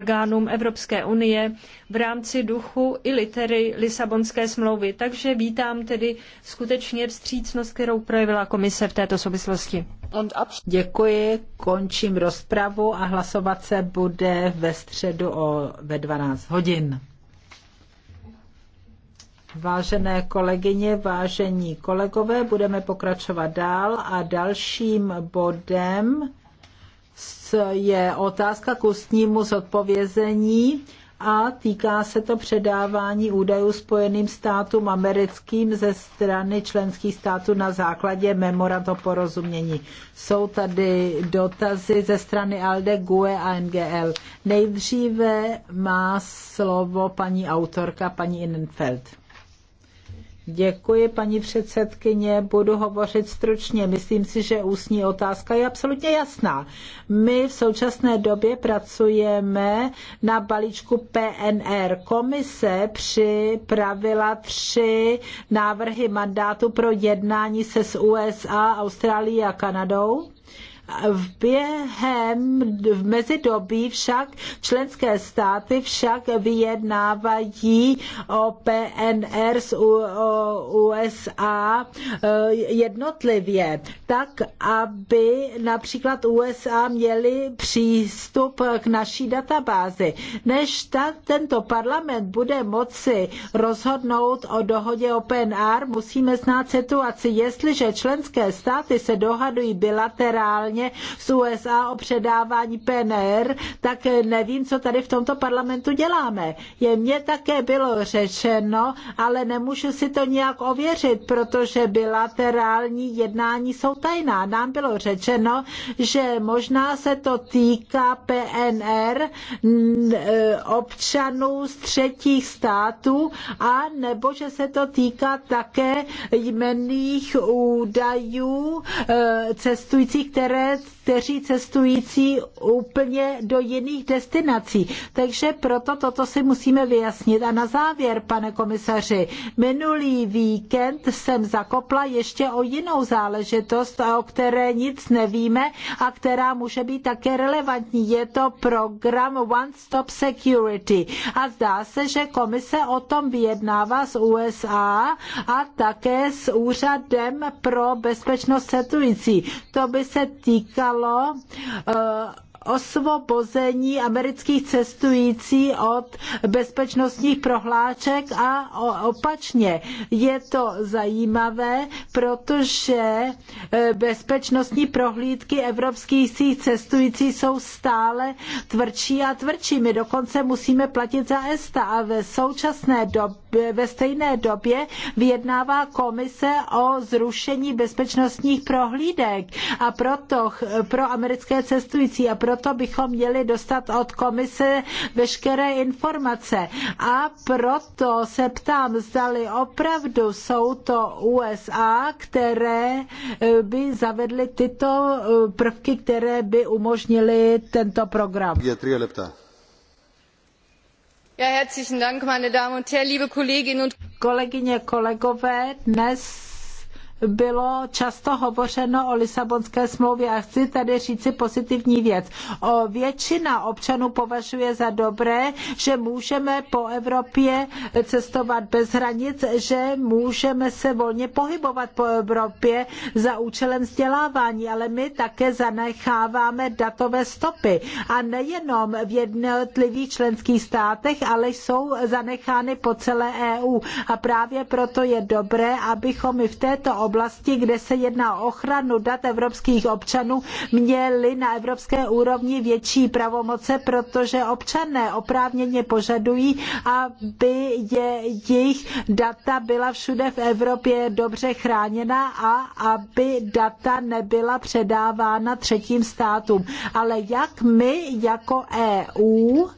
orgánům Evropské unie v rámci duchu i litery Lisabonské smlouvy. Takže vítám tedy skutečně vstřícnost, kterou projevila komise v této souvislosti. Děkuji, končím rozpravu a hlasovat se bude ve středu o, ve 12 hodin. Vážené kolegyně, vážení kolegové, budeme pokračovat dál a dalším bodem je otázka k ústnímu zodpovězení a týká se to předávání údajů Spojeným státům americkým ze strany členských států na základě memoranda porozumění. Jsou tady dotazy ze strany ALDE, GUE a NGL. Nejdříve má slovo paní autorka, paní Innenfeld. Děkuji, paní předsedkyně. Budu hovořit stručně. Myslím si, že ústní otázka je absolutně jasná. My v současné době pracujeme na balíčku PNR. Komise připravila tři návrhy mandátu pro jednání se s USA, Austrálií a Kanadou v během, v mezidobí však členské státy však vyjednávají o PNR s USA e, jednotlivě, tak aby například USA měli přístup k naší databázi. Než ta, tento parlament bude moci rozhodnout o dohodě o PNR, musíme znát situaci. Jestliže členské státy se dohadují bilaterálně, zbraně z USA o předávání PNR, tak nevím, co tady v tomto parlamentu děláme. Je mně také bylo řečeno, ale nemůžu si to nějak ověřit, protože bilaterální jednání jsou tajná. Nám bylo řečeno, že možná se to týká PNR e, občanů z třetích států a nebo že se to týká také jmenných údajů e, cestujících, které kteří cestující úplně do jiných destinací. Takže proto toto si musíme vyjasnit. A na závěr, pane komisaři, minulý víkend jsem zakopla ještě o jinou záležitost, o které nic nevíme a která může být také relevantní. Je to program One Stop Security. A zdá se, že komise o tom vyjednává s USA a také s úřadem pro bezpečnost cestující. To by se tý týkalo eh, osvobození amerických cestující od bezpečnostních prohlášek a opačně. Je to zajímavé, protože eh, bezpečnostní prohlídky evropských cestující jsou stále tvrdší a tvrdší. My dokonce musíme platit za ESTA a ve současné době ve stejné době vyjednává komise o zrušení bezpečnostních prohlídek a proto pro americké cestující a proto bychom měli dostat od komise veškeré informace. A proto se ptám, zdali opravdu jsou to USA, které eh, by zavedly tyto eh, prvky, které by umožnily tento program. Je tři lepta. Kolegyně, kolegové, dnes bylo často hovořeno o Lisabonské smlouvě a chci tady říci pozitivní věc. O většina občanů považuje za dobré, že můžeme po Evropě cestovat bez hranic, že můžeme se volně pohybovat po Evropě za účelem vzdělávání, ale my také zanecháváme datové stopy. A nejenom v jednotlivých členských státech, ale jsou zanechány po celé EU. A právě proto je dobré, abychom i v této oblasti, kde se jedná o ochranu dat evropských občanů, měli na evropské úrovni větší pravomoce, protože občané oprávněně požadují, aby jejich data byla všude v Evropě dobře chráněna a aby data nebyla předávána třetím státům. Ale jak my jako EU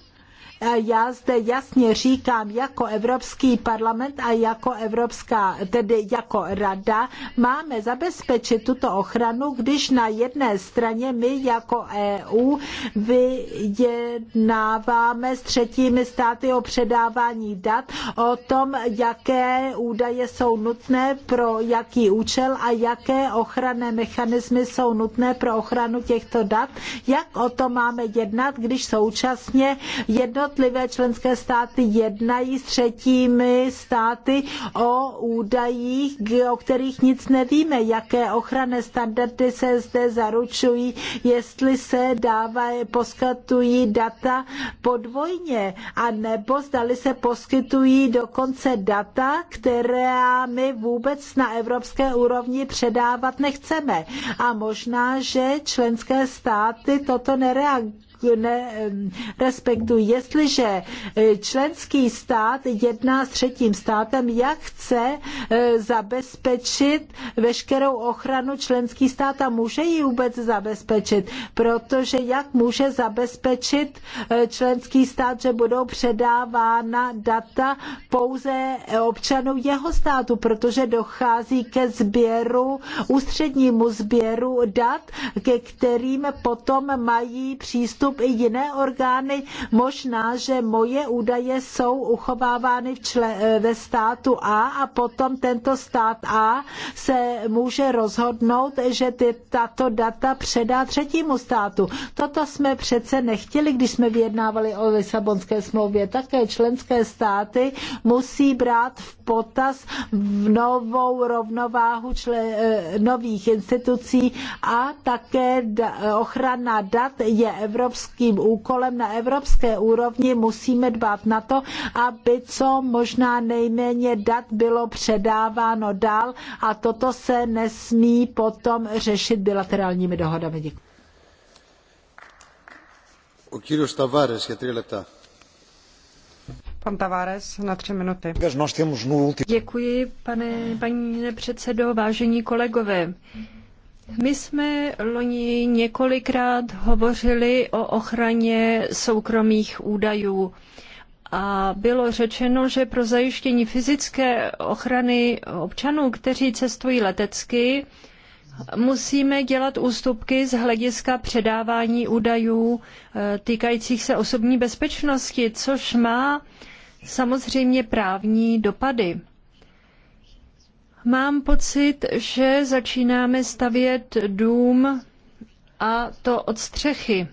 Eh, já zde jasně říkám, jako Evropský parlament a jako Evropská, tedy jako Rada, máme zabezpečit tuto ochranu, když na jedné straně my jako EU vyjednáváme s třetími státy o předávání dat, o tom, jaké údaje jsou nutné pro jaký účel a jaké ochranné mechanismy jsou nutné pro ochranu těchto dat, jak o tom máme jednat, když současně jedno jednotlivé členské státy jednají s třetími státy o údajích, o kterých nic nevíme, jaké ochranné standardy se zde zaručují, jestli se dávají, poskytují data podvojně, a nebo zdali se poskytují dokonce data, která my vůbec na evropské úrovni předávat nechceme. A možná, že členské státy toto nereagují nerespektují. Jestliže e, členský stát jedná s třetím státem, jak chce e, zabezpečit veškerou ochranu členský stát a může ji vůbec zabezpečit, protože jak může zabezpečit e, členský stát, že budou předávána data pouze občanů jeho státu, protože dochází ke sběru, ústřednímu sběru dat, ke kterým potom mají přístup způsob i jiné orgány. Možná, že moje údaje jsou uchovávány v čle, eh, ve státu A a potom tento stát A se může rozhodnout, že ty, tato data předá třetímu státu. Toto jsme přece nechtěli, když jsme vyjednávali o Lisabonské smlouvě. Také členské státy musí brát v potaz v novou rovnováhu člen, eh, nových institucí a také ochrana dat je evropská evropským úkolem na evropské úrovni musíme dbát na to, aby co možná nejméně dat bylo předáváno dál a toto se nesmí potom řešit bilaterálními dohodami. Děkuji. je Pan Tavares na tři minuty. No Děkuji, pane, paní předsedo, vážení kolegové. My jsme loni několikrát hovořili o ochraně soukromých údajů a bylo řečeno, že pro zajištění fyzické ochrany občanů, kteří cestují letecky, musíme dělat ústupky z hlediska předávání údajů eh, týkajících se osobní bezpečnosti, což má samozřejmě právní dopady. Mám pocit, že začínáme stavět dům a to od střechy.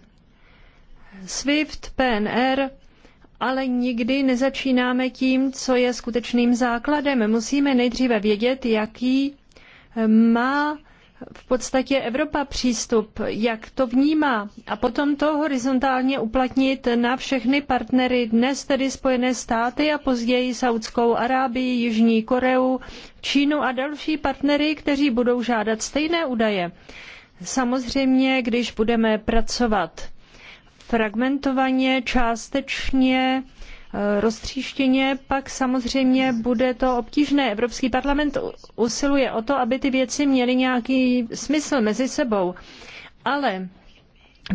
SWIFT, PNR, ale nikdy nezačínáme tím, co je skutečným základem. Musíme nejdříve vědět, jaký má v podstatě Evropa přístup, jak to vnímá a potom to horizontálně uplatnit na všechny partnery, dnes tedy Spojené státy a později Saudskou Arábii, Jižní Koreu, Čínu a další partnery, kteří budou žádat stejné údaje. Samozřejmě, když budeme pracovat fragmentovaně, částečně, Eh, roztříštěně, pak samozřejmě bude to obtížné. Evropský parlament usiluje o to, aby ty věci měly nějaký smysl mezi sebou. Ale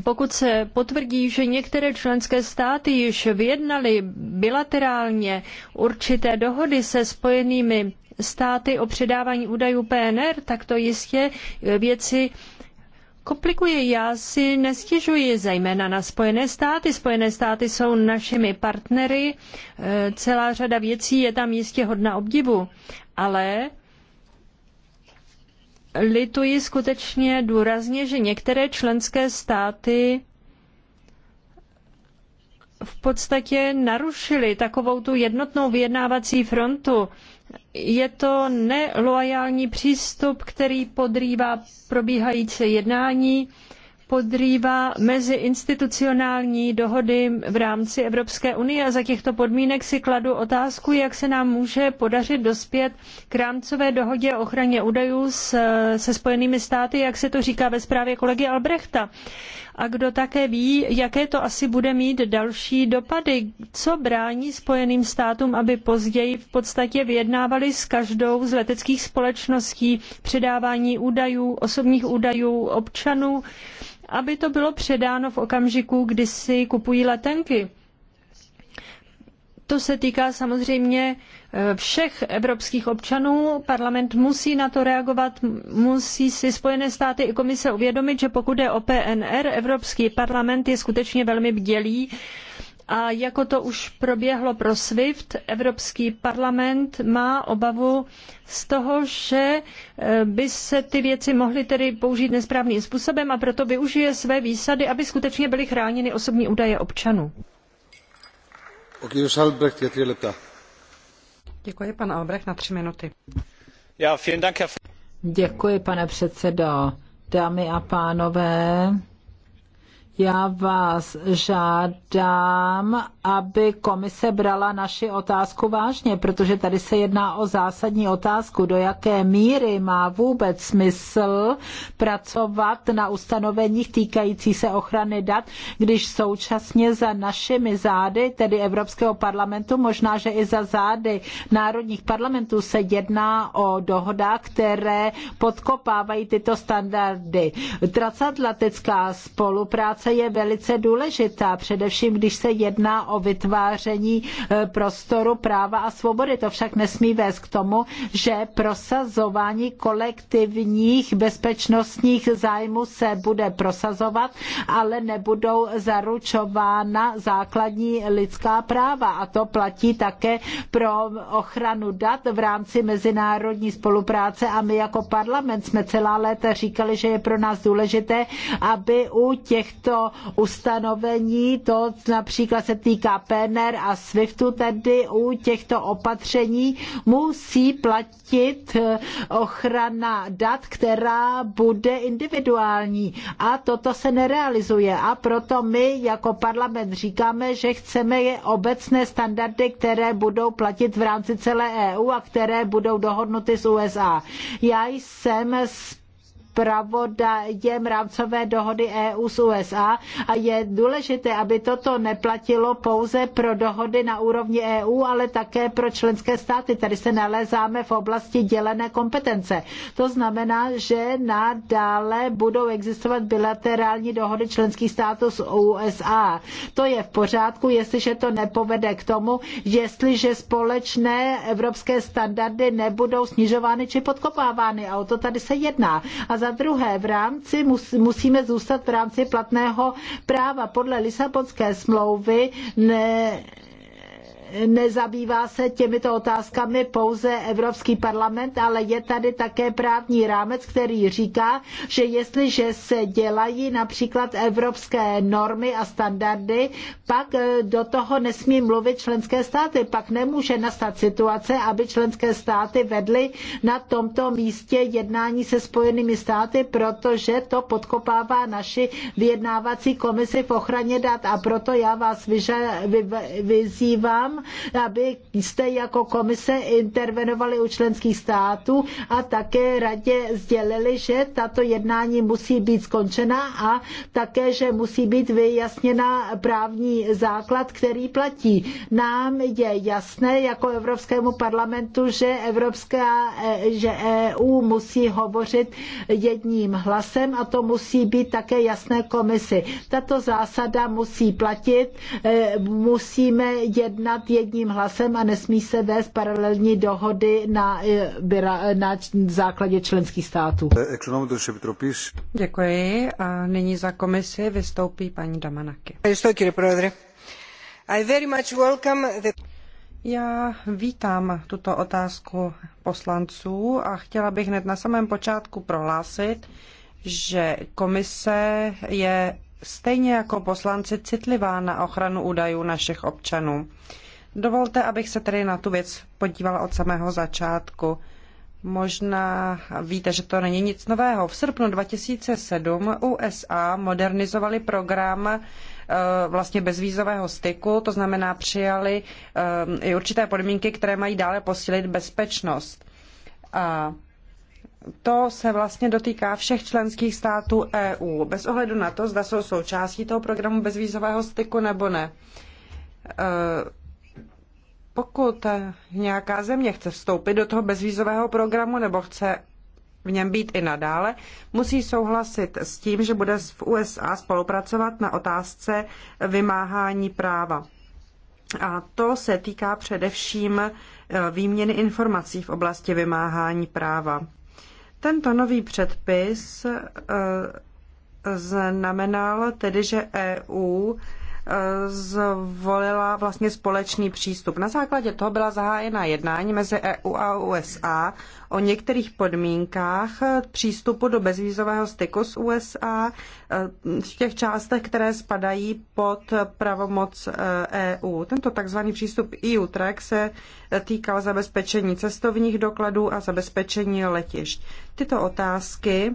pokud se potvrdí, že některé členské státy již vyjednaly bilaterálně určité dohody se spojenými státy o předávání údajů PNR, tak to jistě věci komplikuje. Já si nestěžuji zejména na Spojené státy. Spojené státy jsou našimi partnery. E, celá řada věcí je tam jistě hodna obdivu. Ale lituji skutečně důrazně, že některé členské státy v podstatě narušili takovou tu jednotnou vyjednávací frontu je to neloajální přístup, který podrývá probíhající jednání, podrývá meziinstitucionální dohody v rámci Evropské unie a za těchto podmínek si kladu otázku, jak se nám může podařit dospět k rámcové dohodě o ochraně údajů se, Spojenými státy, jak se to říká ve zprávě kolegy Albrechta a kdo také ví, jaké to asi bude mít další dopady, co brání Spojeným státům, aby později v podstatě vyjednávali s každou z leteckých společností předávání údajů, osobních údajů občanů, aby to bylo předáno v okamžiku, kdy si kupují letenky. To se týká samozřejmě eh, všech evropských občanů. Parlament musí na to reagovat, musí si Spojené státy i komise uvědomit, že pokud je o PNR, Evropský parlament je skutečně velmi bdělý. A jako to už proběhlo pro SWIFT, Evropský parlament má obavu z toho, že eh, by se ty věci mohly tedy použít nesprávným způsobem a proto využije své výsady, aby skutečně byly chráněny osobní údaje občanů. Děkuji, Albrecht, na tři minuty. Děkuji, pane předsedo. Dámy a pánové, já vás žádám, aby komise brala naši otázku vážně, protože tady se jedná o zásadní otázku, do jaké míry má vůbec smysl pracovat na ustanoveních týkající se ochrany dat, když současně za našimi zády, tedy Evropského parlamentu, možná, že i za zády národních parlamentů se jedná o dohoda, které podkopávají tyto standardy. Transatlantická spolupráce spolupráce je velice důležitá, především když se jedná o vytváření e, prostoru práva a svobody. To však nesmí vést k tomu, že prosazování kolektivních bezpečnostních zájmů se bude prosazovat, ale nebudou zaručována základní lidská práva. A to platí také pro ochranu dat v rámci mezinárodní spolupráce. A my jako parlament jsme celá léta říkali, že je pro nás důležité, aby u těchto těchto ustanovení, to například se týká PNR a SWIFTu, tedy u těchto opatření musí platit eh, ochrana dat, která bude individuální. A toto se nerealizuje. A proto my jako parlament říkáme, že chceme je obecné standardy, které budou platit v rámci celé EU a které budou dohodnuty s USA. Já jsem s zpravodajem rámcové dohody EU s USA a je důležité, aby toto neplatilo pouze pro dohody na úrovni EU, ale také pro členské státy. Tady se nalézáme v oblasti dělené kompetence. To znamená, že nadále budou existovat bilaterální dohody členských států s USA. To je v pořádku, jestliže to nepovede k tomu, jestliže společné evropské standardy nebudou snižovány či podkopávány. A o to tady se jedná. A za druhé, v rámci musíme zůstat v rámci platného práva. Podle Lisabonské smlouvy ne, nezabývá se těmito otázkami pouze Evropský parlament, ale je tady také právní rámec, který říká, že jestliže se dělají například evropské normy a standardy, pak eh, do toho nesmí mluvit členské státy. Pak nemůže nastat situace, aby členské státy vedly na tomto místě jednání se spojenými státy, protože to podkopává naši vyjednávací komisi v ochraně dat. A proto já vás vyzývám, aby jste jako komise intervenovali u členských států a také radě sdělili, že tato jednání musí být skončena a také, že musí být vyjasněna právní základ, který platí. Nám je jasné jako Evropskému parlamentu, že Evropská, že EU musí hovořit jedním hlasem a to musí být také jasné komisi. Tato zásada musí platit, e, musíme jednat jedním hlasem a nesmí se vést paralelní dohody na, eh, na základě členských států. Děkuji a nyní za komisi vystoupí paní Damanaki. Já vítám tuto otázku poslanců a chtěla bych hned na samém počátku prohlásit, že komise je stejně jako poslanci citlivá na ochranu údajů našich občanů. Dovolte, abych se tedy na tu věc podívala od samého začátku. Možná víte, že to není nic nového. V srpnu 2007 USA modernizovali program eh, vlastně bezvízového styku, to znamená přijali eh, i určité podmínky, které mají dále posílit bezpečnost. A to se vlastně dotýká všech členských států EU, bez ohledu na to, zda jsou součástí toho programu bezvízového styku nebo ne eh, pokud eh, nějaká země chce vstoupit do toho bezvízového programu nebo chce v něm být i nadále, musí souhlasit s tím, že bude v USA spolupracovat na otázce vymáhání práva. A to se týká především eh, výměny informací v oblasti vymáhání práva. Tento nový předpis eh, znamenal tedy, že EU zvolila vlastně společný přístup. Na základě toho byla zahájena jednání mezi EU a USA o některých podmínkách přístupu do bezvízového styku s USA v těch částech, které spadají pod pravomoc EU. Eh, e Tento takzvaný přístup EU track se týkal zabezpečení cestovních dokladů a zabezpečení letišť. Tyto otázky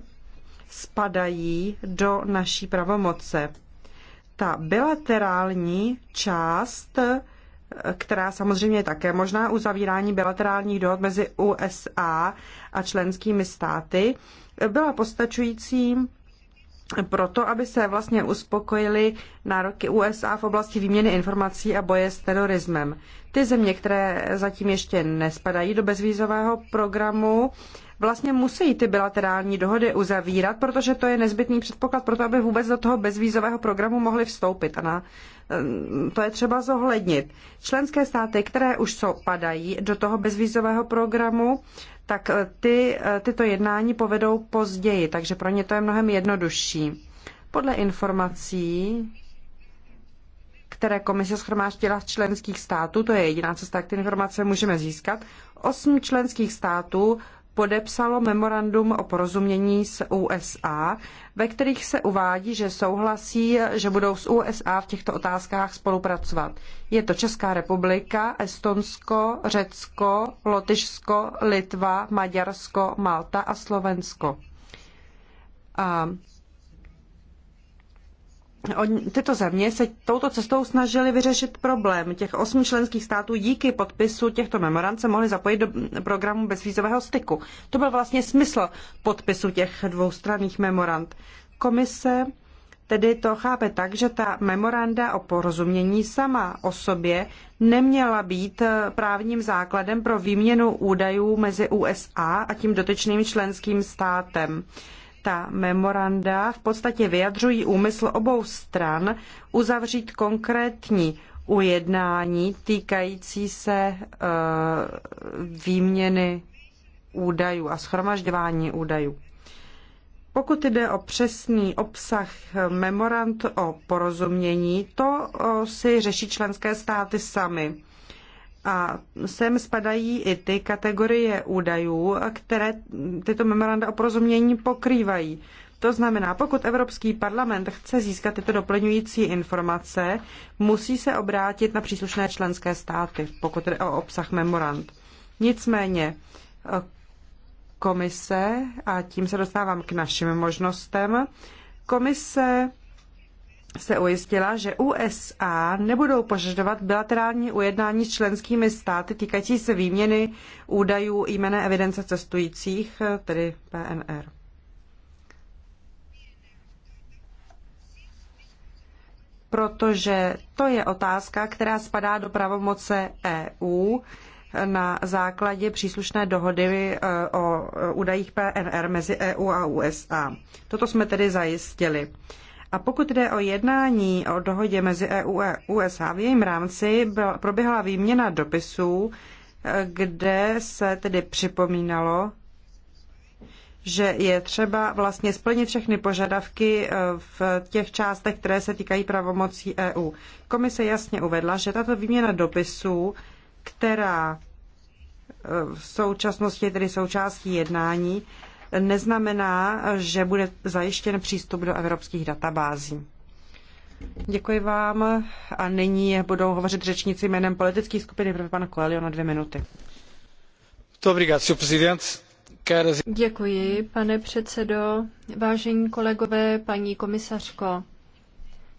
spadají do naší pravomoce ta bilaterální část, která samozřejmě je také možná uzavírání bilaterálních dohod mezi USA a členskými státy, byla postačující proto, aby se vlastně uspokojily nároky USA v oblasti výměny informací a boje s terorismem. Ty země, které zatím ještě nespadají do bezvízového programu, vlastně musí ty bilaterální dohody uzavírat, protože to je nezbytný předpoklad pro to, aby vůbec do toho bezvízového programu mohly vstoupit. A na Ehm, to je třeba zohlednit. Členské státy, které už jsou, padají do toho bezvízového programu, tak eh, ty, eh, tyto jednání povedou později, takže pro ně to je mnohem jednodušší. Podle informací, které komise schromáštila z členských států, to je jediná cesta, jak ty informace můžeme získat, osm členských států podepsalo memorandum o porozumění s USA, ve kterých se uvádí, že souhlasí, že budou s USA v těchto otázkách spolupracovat. Je to Česká republika, Estonsko, Řecko, Lotyšsko, Litva, Maďarsko, Malta a Slovensko. A tyto země se touto cestou snažily vyřešit problém. Těch osm členských států díky podpisu těchto memorand se mohly zapojit do programu bezvízového styku. To byl vlastně smysl podpisu těch dvoustranných memorand. Komise tedy to chápe tak, že ta memoranda o porozumění sama o sobě neměla být právním základem pro výměnu údajů mezi USA a tím dotyčným členským státem. Uh, ta memoranda v podstatě vyjadřují úmysl obou stran uzavřít konkrétní ujednání týkající se e, výměny údajů a schromažďování údajů. Pokud jde o přesný obsah memorand o porozumění, to e, si řeší členské státy sami. A sem spadají i ty kategorie údajů, které tyto memoranda o porozumění pokrývají. To znamená, pokud Evropský parlament chce získat tyto doplňující informace, musí se obrátit na příslušné členské státy, pokud jde o obsah memorand. Nicméně komise, a tím se dostávám k našim možnostem, komise se ujistila, že USA nebudou požadovat bilaterální ujednání s členskými státy týkající se výměny údajů jména evidence cestujících, tedy PNR. Protože to je otázka, která spadá do pravomoce EU na základě příslušné dohody e, o e, údajích PNR mezi EU a USA. Toto jsme tedy zajistili. A pokud jde o jednání o dohodě mezi EU a USA, v jejím rámci byla, proběhla výměna dopisů, kde se tedy připomínalo, že je třeba vlastně splnit všechny požadavky eh, v těch částech, které se týkají pravomocí EU. Komise jasně uvedla, že tato výměna dopisů, která eh, v současnosti je tedy součástí jednání, neznamená, že bude zajištěn přístup do evropských databází. Děkuji vám a nyní budou hovořit řečníci jménem politických skupiny pro pana Coelho na dvě minuty. Děkuji, pane předsedo, vážení kolegové, paní komisařko.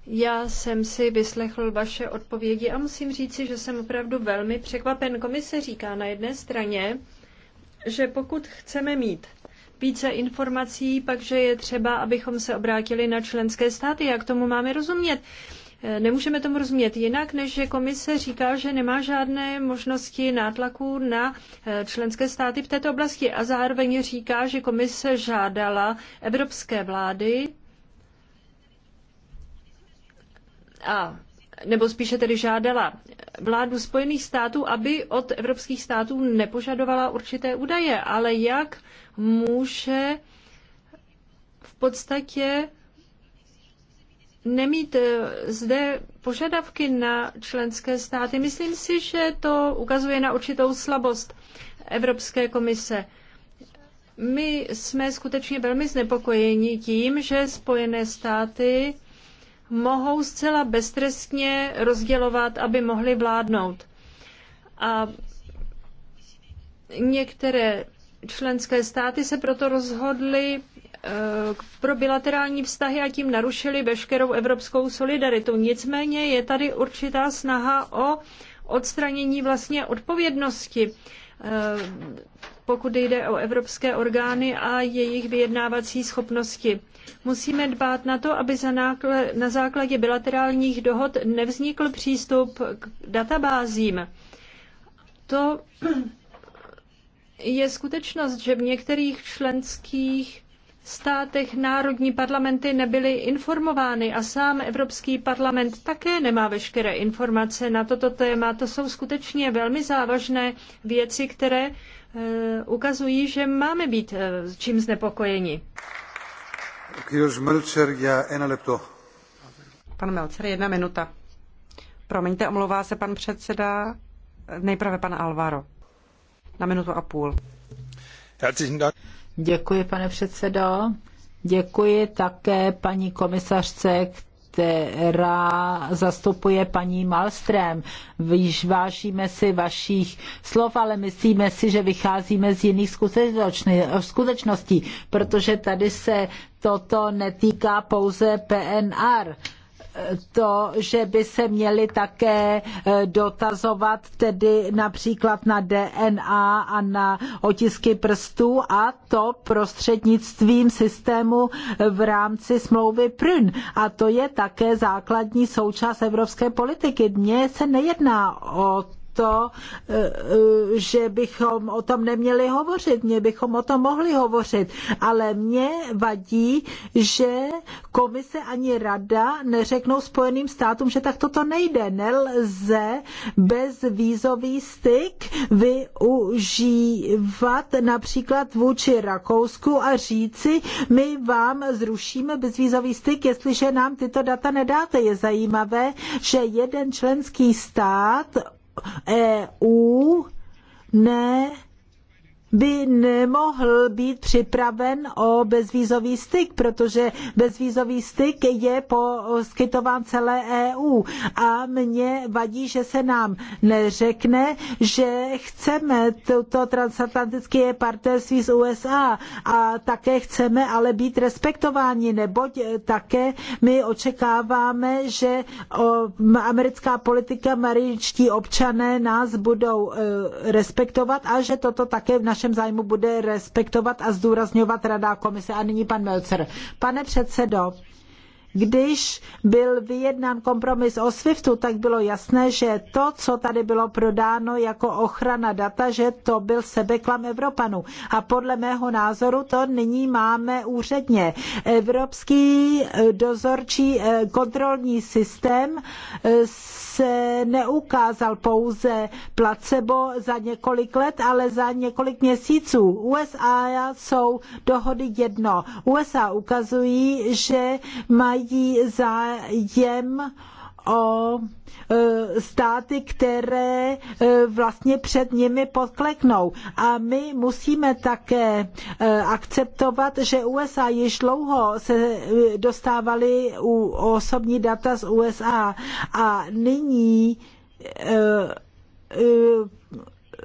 Já jsem si vyslechl vaše odpovědi a musím říci, že jsem opravdu velmi překvapen. Komise říká na jedné straně, že pokud chceme mít více informací, pak že je třeba, abychom se obrátili na členské státy. Jak tomu máme rozumět? Eh, nemůžeme tomu rozumět jinak, než že komise říká, že nemá žádné možnosti nátlaku na eh, členské státy v této oblasti a zároveň říká, že komise žádala evropské vlády a nebo spíše tedy žádala vládu Spojených států, aby od evropských států nepožadovala určité údaje. Ale jak může v podstatě nemít eh, zde požadavky na členské státy. Myslím si, že to ukazuje na určitou slabost Evropské komise. My jsme skutečně velmi znepokojeni tím, že Spojené státy mohou zcela beztrestně rozdělovat, aby mohli vládnout. A některé členské státy se proto rozhodly eh, pro bilaterální vztahy a tím narušili veškerou evropskou solidaritu. Nicméně je tady určitá snaha o odstranění vlastně odpovědnosti Eh, pokud jde o evropské orgány a jejich vyjednávací schopnosti. Musíme dbát na to, aby na základě bilaterálních dohod nevznikl přístup k databázím. To je skutečnost, že v některých členských státech národní parlamenty nebyly informovány a sám Evropský parlament také nemá veškeré informace na toto téma. To jsou skutečně velmi závažné věci, které eh, ukazují, že máme být eh, čím znepokojeni. Pan Melcer, jedna minuta. Promiňte, omlouvá se pan předseda, nejprve pan Alvaro. Na minutu a půl. Herzlichen Dank. Děkuji, pane předsedo. Děkuji také paní komisařce, která zastupuje paní Malström. Vážíme si vašich slov, ale myslíme si, že vycházíme z jiných skutečností, protože tady se toto netýká pouze PNR to, že by se měli také eh, dotazovat tedy například na DNA a na otisky prstů a to prostřednictvím systému v rámci smlouvy PRN. A to je také základní součást evropské politiky. Mně se nejedná o to, eh, že bychom o tom neměli hovořit, mě bychom o tom mohli hovořit, ale mě vadí, že komise ani rada neřeknou Spojeným státům, že tak toto nejde. Nelze bez vízový styk využívat například vůči Rakousku a říci, my vám zrušíme bezvízový styk, jestliže nám tyto data nedáte. Je zajímavé, že jeden členský stát EU ne by nemohl být připraven o bezvízový styk, protože bezvízový styk je poskytován celé EU. A mně vadí, že se nám neřekne, že chceme toto transatlantické partnerství z USA a také chceme ale být respektováni, neboť také my očekáváme, že americká politika, američtí občané nás budou e, respektovat a že toto také v naší našem zájmu bude respektovat a zdůrazňovat Rada komise. A nyní pan Melcer. Pane předsedo, když byl vyjednán kompromis o SWIFTu, tak bylo jasné, že to, co tady bylo prodáno jako ochrana data, že to byl sebeklam Evropanů. A podle mého názoru to nyní máme úředně. Evropský dozorčí eh, kontrolní systém s eh, se neukázal pouze placebo za několik let, ale za několik měsíců. USA jsou dohody jedno. USA ukazují, že mají zájem o e, státy, které e, vlastně před nimi podkleknou. A my musíme také e, akceptovat, že USA již dlouho se dostávali u osobní data z USA a nyní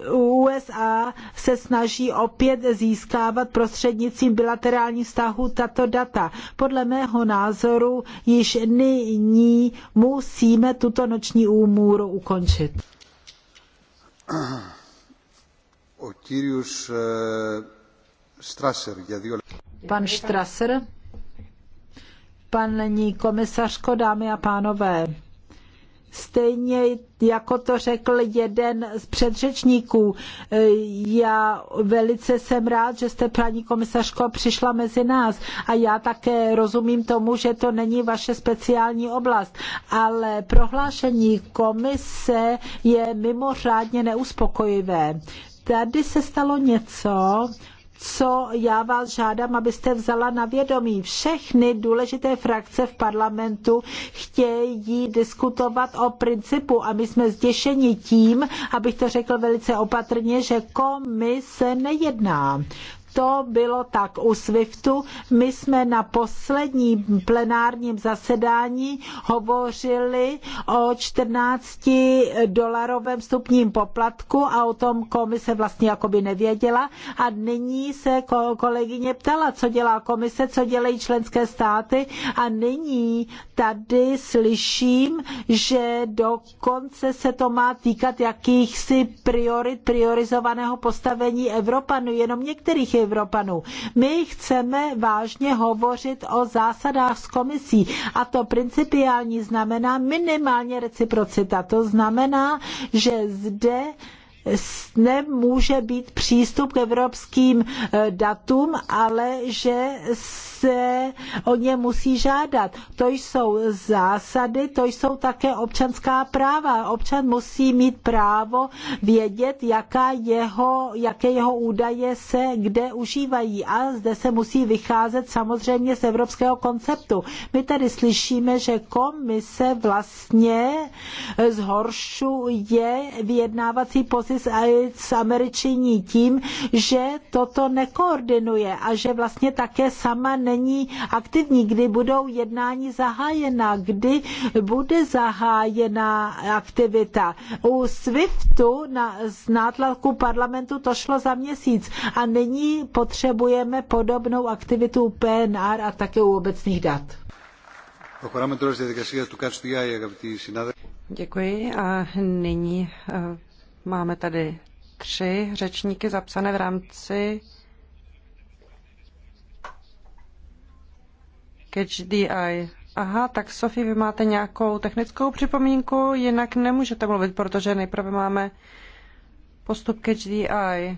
USA se snaží opět získávat prostřednictvím bilaterálních vztahů tato data. Podle mého názoru již nyní musíme tuto noční úmůru ukončit. Eh, Pan Strasser, paní komisařko, dámy a pánové, stejně jako to řekl jeden z předřečníků. Já velice jsem rád, že jste, paní komisařko, přišla mezi nás a já také rozumím tomu, že to není vaše speciální oblast, ale prohlášení komise je mimořádně neuspokojivé. Tady se stalo něco, co já vás žádám, abyste vzala na vědomí. Všechny důležité frakce v parlamentu chtějí diskutovat o principu a my jsme zděšeni tím, abych to řekl velice opatrně, že komise nejedná to bylo tak u SWIFTu. My jsme na posledním plenárním zasedání hovořili o 14 dolarovém vstupním poplatku a o tom komise vlastně jakoby nevěděla. A nyní se kolegyně ptala, co dělá komise, co dělají členské státy a nyní tady slyším, že dokonce se to má týkat jakýchsi priorit priorizovaného postavení Evropanů, jenom některých Evropanů. My chceme vážně hovořit o zásadách s komisí a to principiální znamená minimálně reciprocita. To znamená, že zde nemůže být přístup k evropským eh, datům, ale že se o ně musí žádat. To jsou zásady, to jsou také občanská práva. Občan musí mít právo vědět, jaká jeho, jaké jeho údaje se kde užívají. A zde se musí vycházet samozřejmě z evropského konceptu. My tady slyšíme, že komise vlastně zhoršuje vyjednávací pozici Justice Aids Američané tím, že toto nekoordinuje a že vlastně také sama není aktivní, kdy budou jednání zahájena, kdy bude zahájena aktivita. U SWIFTu na, z nátlaku parlamentu to šlo za měsíc a nyní potřebujeme podobnou aktivitu u PNR a také u obecných dat. Děkuji a nyní eh, Máme tady tři řečníky zapsané v rámci Catch the Eye. Aha, tak Sofie, vy máte nějakou technickou připomínku, jinak nemůžete mluvit, protože nejprve máme postup Catch the Eye.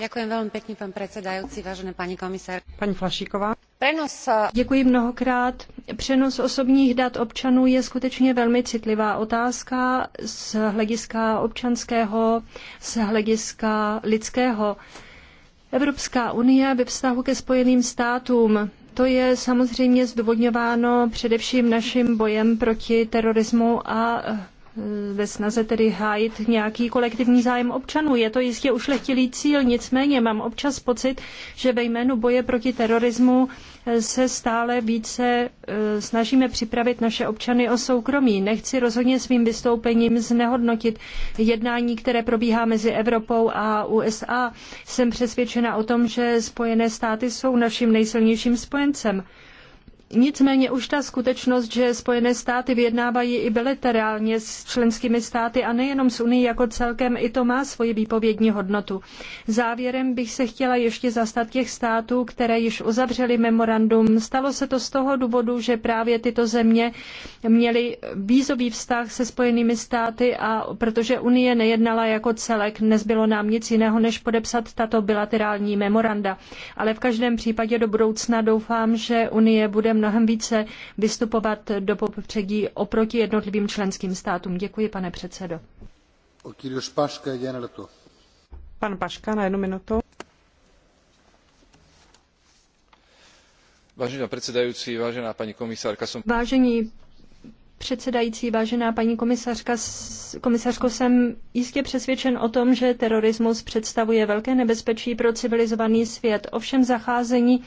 Děkuji velmi pěkně, pan předsedající, Paní Děkuji mnohokrát. Přenos osobních dat občanů je skutečně velmi citlivá otázka z hlediska občanského, z hlediska lidského. Evropská unie ve vztahu ke Spojeným státům to je samozřejmě zdůvodňováno především naším bojem proti terorismu a eh, ve snaze tedy hájit nějaký kolektivní zájem občanů. Je to jistě ušlechtilý cíl, nicméně mám občas pocit, že ve jménu boje proti terorismu eh, se stále více eh, snažíme připravit naše občany o soukromí. Nechci rozhodně svým vystoupením znehodnotit jednání, které probíhá mezi Evropou a USA. Jsem přesvědčena o tom, že Spojené státy jsou naším nejsilnějším spojencem. Nicméně už ta skutečnost, že Spojené státy vyjednávají i bilaterálně s členskými státy a nejenom s Unii jako celkem, i to má svoji výpovědní hodnotu. Závěrem bych se chtěla ještě zastat těch států, které již uzavřely memorandum. Stalo se to z toho důvodu, že právě tyto země měly vízový vztah se Spojenými státy a protože Unie nejednala jako celek, nezbylo nám nic jiného, než podepsat tato bilaterální memoranda. Ale v každém případě do budoucna doufám, že Unie bude mnohem více vystupovat do popředí oproti jednotlivým členským státům. Děkuji, pane předsedo. Pan Paška na jednu minutu. Vážená předsedající, vážená paní komisárka, jsem... Vážení předsedající, vážená paní komisařka, komisařko, jsem jistě přesvědčen o tom, že terorismus představuje velké nebezpečí pro civilizovaný svět. Ovšem zacházení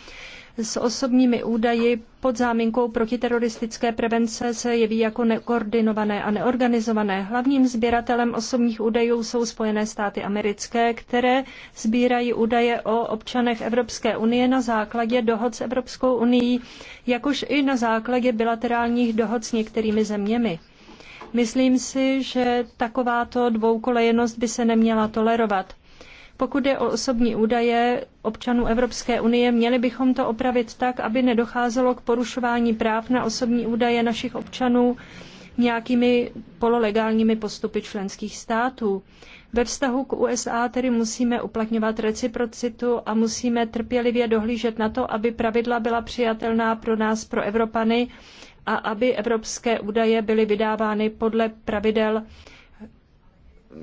s osobními údaji pod záminkou protiteroristické prevence se jeví jako nekoordinované a neorganizované. Hlavním sběratelem osobních údajů jsou Spojené státy americké, které sbírají údaje o občanech Evropské unie na základě dohod s Evropskou unii, jakož i na základě bilaterálních dohod s některými zeměmi. Myslím si, že takováto dvoukolejnost by se neměla tolerovat pokud je o osobní údaje občanů Evropské unie, měli bychom to opravit tak, aby nedocházelo k porušování práv na osobní údaje našich občanů nějakými pololegálními postupy členských států. Ve vztahu k USA tedy musíme uplatňovat reciprocitu a musíme trpělivě dohlížet na to, aby pravidla byla přijatelná pro nás, pro Evropany, a aby evropské údaje byly vydávány podle pravidel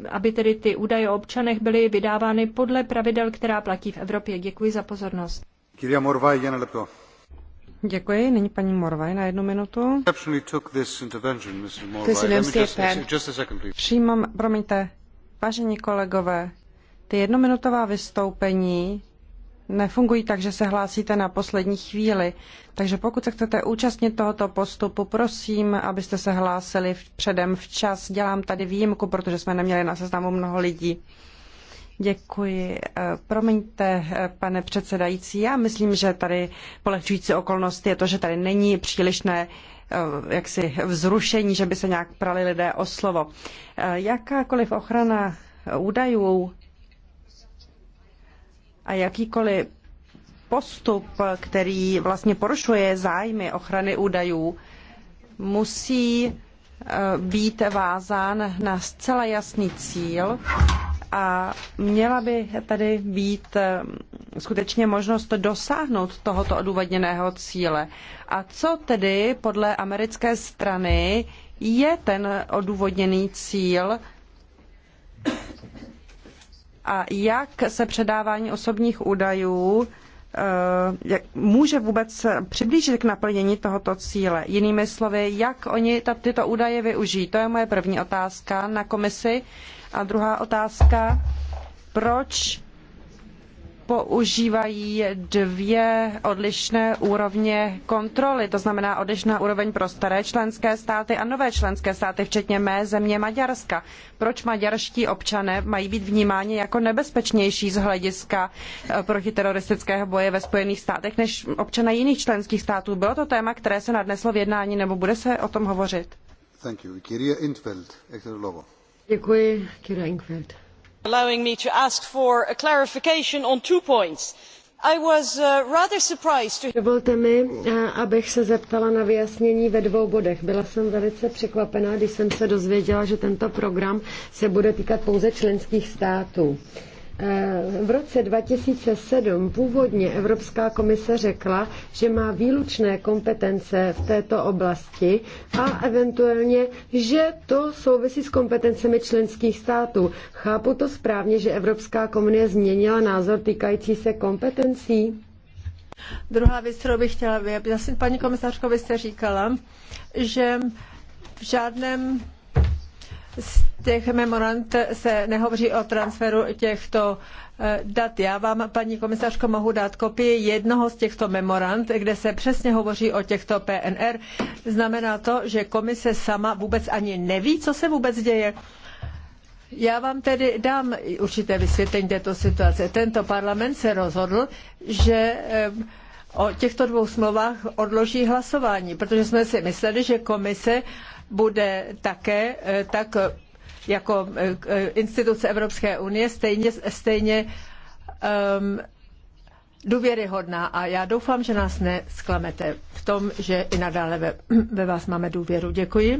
aby tedy ty údaje o občanech byly vydávány podle pravidel, která platí v Evropě. Děkuji za pozornost. Děkuji. Nyní paní Morvaj na jednu minutu. Přijímám, promiňte, vážení kolegové, ty jednominutová vystoupení nefungují tak, že se hlásíte na poslední chvíli. Takže pokud se chcete účastnit tohoto postupu, prosím, abyste se hlásili předem včas. Dělám tady výjimku, protože jsme neměli na seznamu mnoho lidí. Děkuji. Eh, promiňte, eh, pane předsedající, já myslím, že tady polehčující okolnost je to, že tady není přílišné eh, jaksi vzrušení, že by se nějak prali lidé o slovo. Jakákoliv ochrana údajů a jakýkoliv postup, který vlastně porušuje zájmy ochrany údajů, musí eh, být vázán na zcela jasný cíl a měla by tady být eh, skutečně možnost dosáhnout tohoto odůvodněného cíle. A co tedy podle americké strany je ten odůvodněný cíl a jak se předávání osobních údajů eh, jak může vůbec přiblížit k naplnění tohoto cíle. Jinými slovy, jak oni tyto údaje využijí. To je moje první otázka na komisi. A druhá otázka, proč používají dvě odlišné úrovně kontroly, to znamená odlišná úroveň pro staré členské státy a nové členské státy, včetně mé země Maďarska. Proč maďarští občané mají být vnímáni jako nebezpečnější z hlediska eh, protiteroristického boje ve Spojených státech než občané jiných členských států? Bylo to téma, které se nadneslo v jednání, nebo bude se o tom hovořit? Děkuji, allowing me to ask for a clarification on two points. I was uh, rather surprised to... Dovolte mi, eh, abych se zeptala na vyjasnění ve dvou bodech. Byla jsem velice překvapená, když jsem se dozvěděla, že tento program se bude týkat pouze členských států. Uh, Eh, v roce 2007 původně Evropská komise řekla, že má výlučné kompetence v této oblasti a eventuálně, že to souvisí s kompetencemi členských států. Chápu to správně, že Evropská komise změnila názor týkající se kompetencí? Druhá věc, kterou bych chtěla vyjasnit, paní komisařko, vy jste říkala, že v žádném z těch memorand se nehovoří o transferu těchto eh, dat. Já vám, paní komisařko, mohu dát kopii jednoho z těchto memorand, kde se přesně hovoří o těchto PNR. Znamená to, že komise sama vůbec ani neví, co se vůbec děje. Já vám tedy dám určité vysvětlení této situace. Tento parlament se rozhodl, že eh, o těchto dvou smlouvách odloží hlasování, protože jsme si mysleli, že komise bude také eh, tak eh, jako eh, instituce Evropské unie stejně, stejně um, důvěryhodná a já doufám, že nás nesklamete v tom, že i nadále ve, ve vás máme důvěru. Děkuji.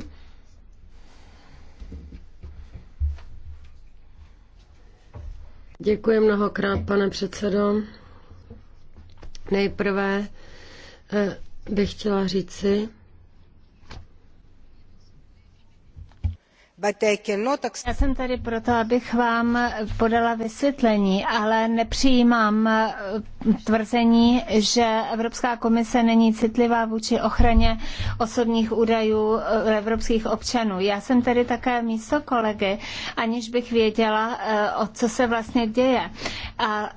Děkuji mnohokrát, pane předsedo. Nejprve bych chtěla říci, Já jsem tady proto, abych vám podala vysvětlení, ale nepřijímám eh, tvrzení, že Evropská komise není citlivá vůči ochraně osobních údajů eh, evropských občanů. Já jsem tady také místo kolegy, aniž bych věděla, eh, o co se vlastně děje. A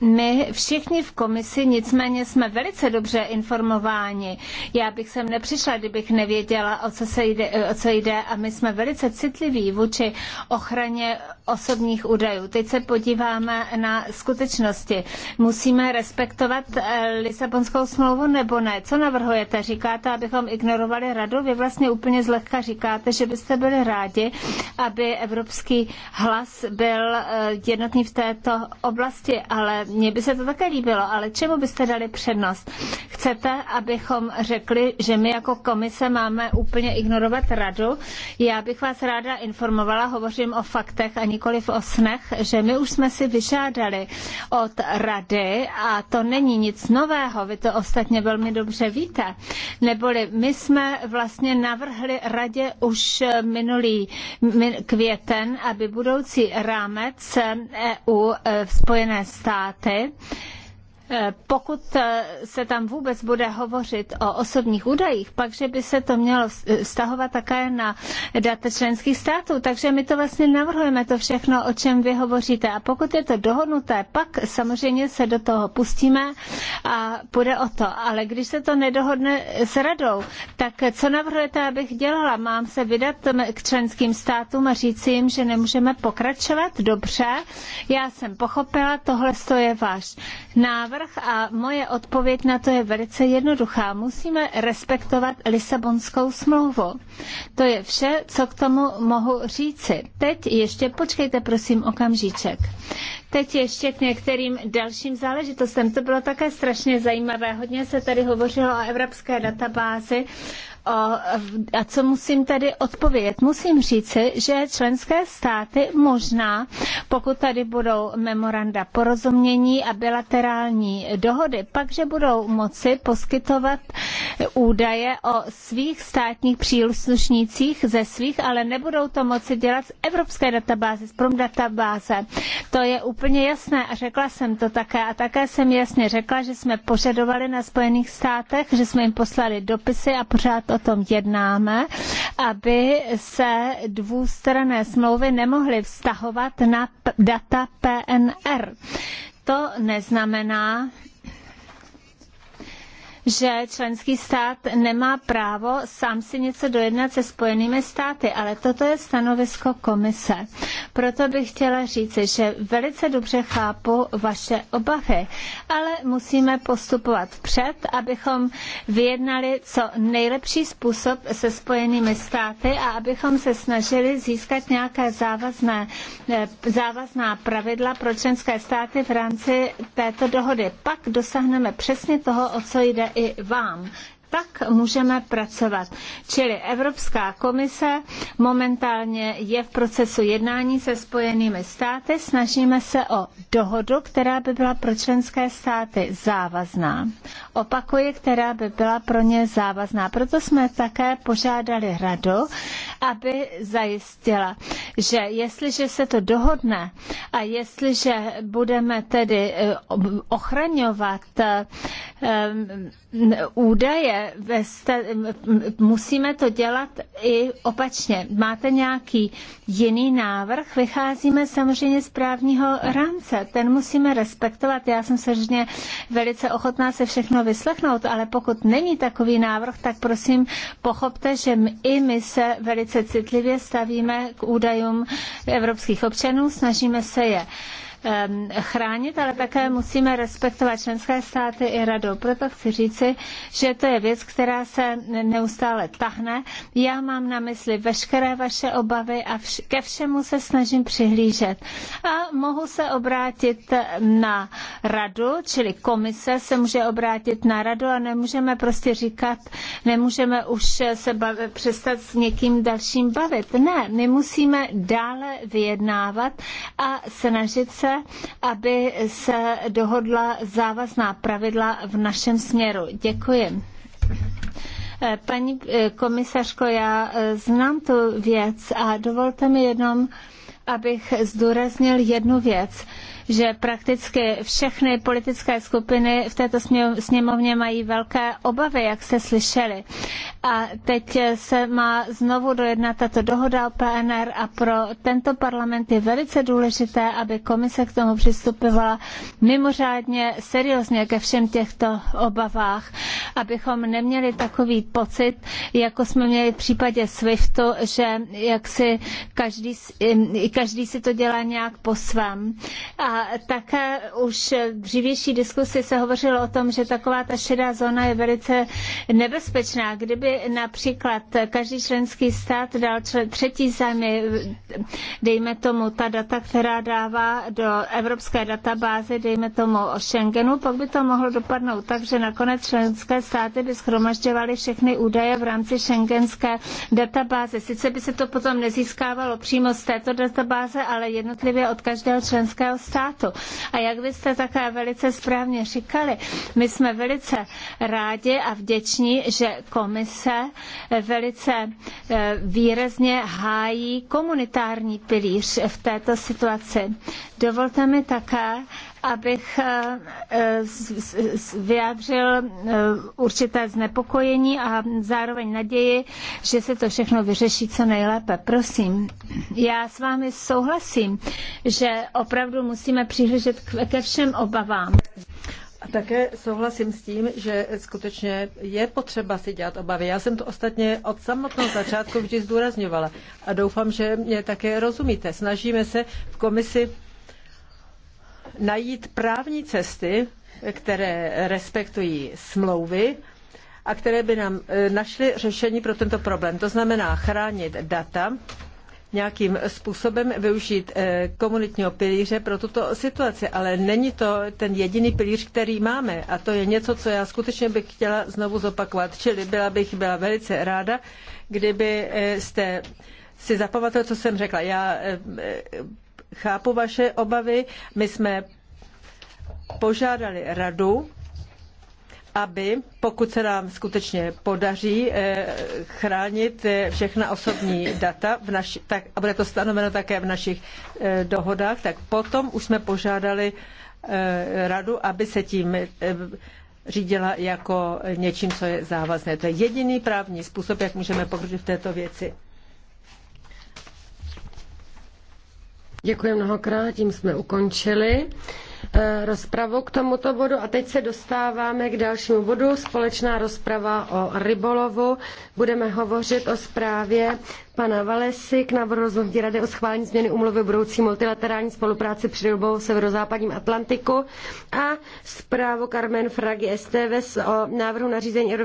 my všichni v komisi nicméně jsme velice dobře informováni. Já bych sem nepřišla, kdybych nevěděla, o co, se jde, o co jde a my jsme velice citliví vůči ochraně osobních údajů. Teď se podíváme na skutečnosti. Musíme respektovat eh, Lisabonskou smlouvu nebo ne? Co navrhujete? Říkáte, abychom ignorovali radu? Vy vlastně úplně zlehka říkáte, že byste byli rádi, aby evropský hlas byl eh, jednotný v této oblasti, ale mně by se to také líbilo, ale čemu byste dali přednost? Chcete, abychom řekli, že my jako komise máme úplně ignorovat radu? Já bych vás ráda informovala, hovořím o faktech a nikoli o snech, že my už jsme si vyžádali od rady a to není nic nového, vy to ostatně velmi dobře víte. Neboli my jsme vlastně navrhli radě už minulý květen, aby budoucí rámec EU e, Spojené státy státy Eh, pokud eh, se tam vůbec bude hovořit o osobních údajích, pak, že by se to mělo eh, vztahovat také na data členských států. Takže my to vlastně navrhujeme, to všechno, o čem vy hovoříte. A pokud je to dohodnuté, pak samozřejmě se do toho pustíme a půjde o to. Ale když se to nedohodne s radou, tak co navrhujete, abych dělala? Mám se vydat k členským státům a říci jim, že nemůžeme pokračovat? Dobře, já jsem pochopila, tohle je váš návrh návrh a moje odpověď na to je velice jednoduchá. Musíme respektovat Lisabonskou smlouvu. To je vše, co k tomu mohu říci. Teď ještě, počkejte prosím okamžíček. Teď ještě k některým dalším záležitostem. To bylo také strašně zajímavé. Hodně se tady hovořilo o evropské databázi, a co musím tady odpovědět? Musím říci, že členské státy možná, pokud tady budou memoranda porozumění a bilaterální dohody, pak, že budou moci poskytovat údaje o svých státních příslušnících ze svých, ale nebudou to moci dělat z evropské databáze, z prom databáze. To je úplně jasné a řekla jsem to také a také jsem jasně řekla, že jsme požadovali na Spojených státech, že jsme jim poslali dopisy a pořád o tom jednáme, aby se dvoustranné smlouvy nemohly vztahovat na data PNR. To neznamená, že členský stát nemá právo sám si něco dojednat se Spojenými státy, ale toto je stanovisko komise. Proto bych chtěla říci, že velice dobře chápu vaše obavy, ale musíme postupovat před, abychom vyjednali co nejlepší způsob se Spojenými státy a abychom se snažili získat nějaké závazné, eh, závazná pravidla pro členské státy v rámci této dohody. Pak dosáhneme přesně toho, o co jde i vám tak můžeme pracovat. Čili Evropská komise momentálně je v procesu jednání se spojenými státy. Snažíme se o dohodu, která by byla pro členské státy závazná. Opakuje, která by byla pro ně závazná. Proto jsme také požádali radu, aby zajistila, že jestliže se to dohodne a jestliže budeme tedy eh, ochraňovat eh, údaje, musíme to dělat i opačně. Máte nějaký jiný návrh? Vycházíme samozřejmě z právního rámce. Ten musíme respektovat. Já jsem samozřejmě velice ochotná se všechno vyslechnout, ale pokud není takový návrh, tak prosím pochopte, že my, i my se velice citlivě stavíme k údajům evropských občanů, snažíme se je Ehm, chránit, ale také musíme respektovat členské státy i radu. Proto chci říci, že to je věc, která se neustále tahne. Já mám na mysli veškeré vaše obavy a vš- ke všemu se snažím přihlížet. A mohu se obrátit na radu, čili komise se může obrátit na radu a nemůžeme prostě říkat, nemůžeme už se bavit, přestat s někým dalším bavit. Ne, my musíme dále vyjednávat a snažit se aby se dohodla závazná pravidla v našem směru. Děkuji. Eh, paní eh, komisařko, já eh, znám tu věc a dovolte mi jenom, abych zdůraznil jednu věc že prakticky všechny politické skupiny v této sněmovně mají velké obavy, jak se slyšeli. A teď se má znovu dojednat tato dohoda o PNR a pro tento parlament je velice důležité, aby komise k tomu přistupovala mimořádně seriózně ke všem těchto obavách, abychom neměli takový pocit, jako jsme měli v případě SWIFTu, že jak si každý, každý si to dělá nějak po svém. A také už v dřívější diskusi se hovořilo o tom, že taková ta šedá zóna je velice nebezpečná. Kdyby například každý členský stát dal třetí zemi, dejme tomu ta data, která dává do evropské databáze, dejme tomu o Schengenu, pak by to mohlo dopadnout tak, že nakonec členské státy by schromažďovaly všechny údaje v rámci šengenské databáze. Sice by se to potom nezískávalo přímo z této databáze, ale jednotlivě od každého členského státu státu. A jak vy jste také velice správně říkali, my jsme velice rádi a vděční, že komise velice e, výrazně hájí komunitární pilíř v této situaci. Dovolte mi také, abych eh, eh, vyjádřil eh, určité znepokojení a zároveň naději, že se to všechno vyřeší co nejlépe. Prosím, já s vámi souhlasím, že opravdu musíme přihlížet ke všem obavám. Také souhlasím s tím, že skutečně je potřeba si dělat obavy. Já jsem to ostatně od samotného začátku vždy zdůrazňovala a doufám, že mě také rozumíte. Snažíme se v komisi najít právní cesty, které respektují smlouvy a které by nám e, našly řešení pro tento problém. To znamená chránit data, nějakým způsobem využít e, komunitního pilíře pro tuto situaci, ale není to ten jediný pilíř, který máme a to je něco, co já skutečně bych chtěla znovu zopakovat, čili byla bych byla velice ráda, kdyby e, jste si zapamatoval, co jsem řekla. Já chápu vaše obavy. My jsme požádali radu, aby, pokud se nám skutečně podaří eh, chránit eh, všechna osobní data, v naši, tak, a bude to stanoveno také v našich eh, dohodách, tak potom už jsme požádali radu, aby se tím řídila jako něčím, co je závazné. To je jediný právní způsob, jak můžeme pokročit v této věci. Děkuji mnohokrát, tím jsme ukončili eh, rozpravu k tomuto bodu a teď se dostáváme k dalšímu bodu, společná rozprava o rybolovu. Budeme hovořit o zprávě pana Valesy k návrhu rozhodnutí Rady o schválení změny umluvy budoucí multilaterální spolupráci při rybolovu v severozápadním Atlantiku a zprávu Carmen Fragi Esteves o návrhu nařízení Evropské